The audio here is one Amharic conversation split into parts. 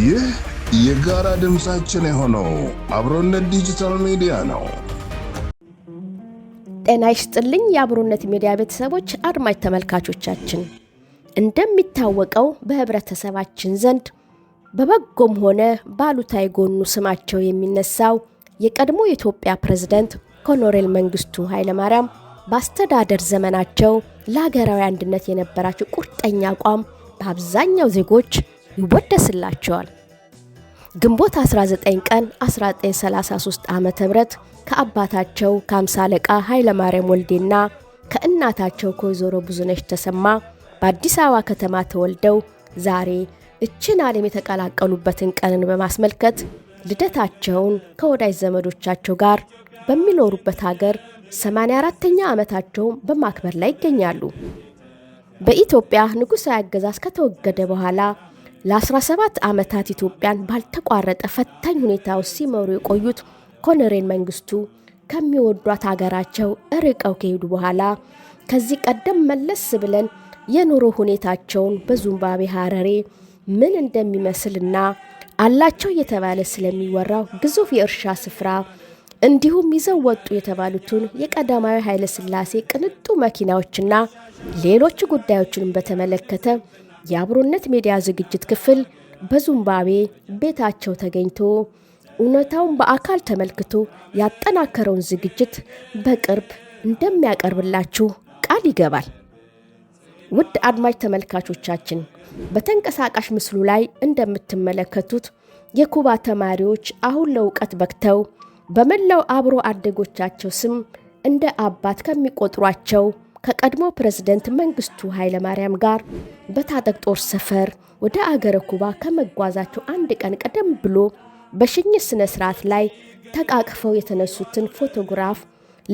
ይህ የጋራ ድምፃችን የሆነው አብሮነት ዲጂታል ሚዲያ ነው። ጤና ይስጥልኝ የአብሮነት ሚዲያ ቤተሰቦች፣ አድማጭ ተመልካቾቻችን፣ እንደሚታወቀው በህብረተሰባችን ዘንድ በበጎም ሆነ ባሉታዊ ጎኑ ስማቸው የሚነሳው የቀድሞ የኢትዮጵያ ፕሬዝደንት ኮሎኔል መንግስቱ ኃይለማርያም በአስተዳደር ዘመናቸው ለሀገራዊ አንድነት የነበራቸው ቁርጠኛ አቋም በአብዛኛው ዜጎች ይወደስላቸዋል። ግንቦት 19 ቀን 1933 ዓ ም ከአባታቸው ከአምሳ አለቃ ኃይለማርያም ወልዴና ከእናታቸው ከወይዘሮ ብዙነሽ ተሰማ በአዲስ አበባ ከተማ ተወልደው ዛሬ እችን ዓለም የተቀላቀሉበትን ቀንን በማስመልከት ልደታቸውን ከወዳጅ ዘመዶቻቸው ጋር በሚኖሩበት ሀገር 84ተኛ ዓመታቸውን በማክበር ላይ ይገኛሉ። በኢትዮጵያ ንጉሣዊ አገዛዝ ከተወገደ በኋላ ለ17 ዓመታት ኢትዮጵያን ባልተቋረጠ ፈታኝ ሁኔታ ውስጥ ሲመሩ የቆዩት ኮሎኔል መንግስቱ ከሚወዷት ሀገራቸው ርቀው ከሄዱ በኋላ ከዚህ ቀደም መለስ ብለን የኑሮ ሁኔታቸውን በዙምባቤ ሀረሬ ምን እንደሚመስልና አላቸው የተባለ ስለሚወራው ግዙፍ የእርሻ ስፍራ እንዲሁም ይዘው ወጡ የተባሉትን የቀዳማዊ ኃይለ ሥላሴ ቅንጡ መኪናዎችና ሌሎች ጉዳዮችንም በተመለከተ የአብሮነት ሚዲያ ዝግጅት ክፍል በዙምባቤ ቤታቸው ተገኝቶ እውነታውን በአካል ተመልክቶ ያጠናከረውን ዝግጅት በቅርብ እንደሚያቀርብላችሁ ቃል ይገባል። ውድ አድማጭ ተመልካቾቻችን በተንቀሳቃሽ ምስሉ ላይ እንደምትመለከቱት የኩባ ተማሪዎች አሁን ለእውቀት በክተው በመላው አብሮ አደጎቻቸው ስም እንደ አባት ከሚቆጥሯቸው ከቀድሞ ፕሬዝደንት መንግስቱ ኃይለማርያም ጋር በታጠቅ ጦር ሰፈር ወደ አገረ ኩባ ከመጓዛቸው አንድ ቀን ቀደም ብሎ በሽኝት ስነ ስርዓት ላይ ተቃቅፈው የተነሱትን ፎቶግራፍ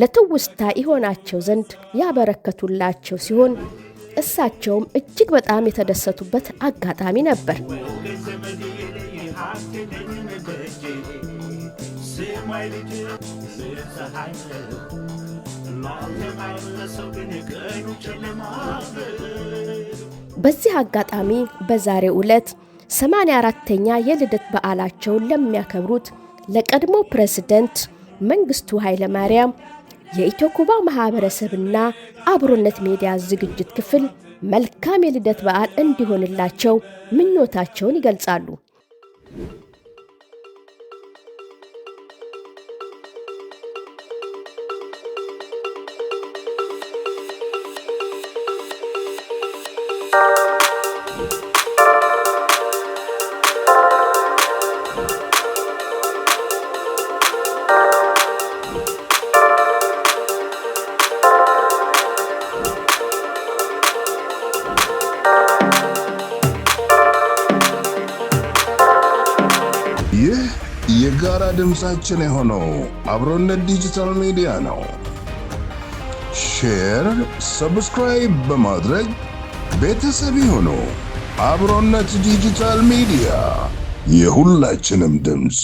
ለትውስታ ይሆናቸው ዘንድ ያበረከቱላቸው ሲሆን እሳቸውም እጅግ በጣም የተደሰቱበት አጋጣሚ ነበር። በዚህ አጋጣሚ በዛሬው ዕለት 84ተኛ የልደት በዓላቸውን ለሚያከብሩት ለቀድሞ ፕሬዝደንት መንግስቱ ኃይለማርያም የኢትዮኩባ ማኅበረሰብና አብሮነት ሚዲያ ዝግጅት ክፍል መልካም የልደት በዓል እንዲሆንላቸው ምኞታቸውን ይገልጻሉ። የጋራ ድምፃችን የሆነው አብሮነት ዲጂታል ሚዲያ ነው። ሼር፣ ሰብስክራይብ በማድረግ ቤተሰብ ይሁኑ። አብሮነት ዲጂታል ሚዲያ የሁላችንም ድምፅ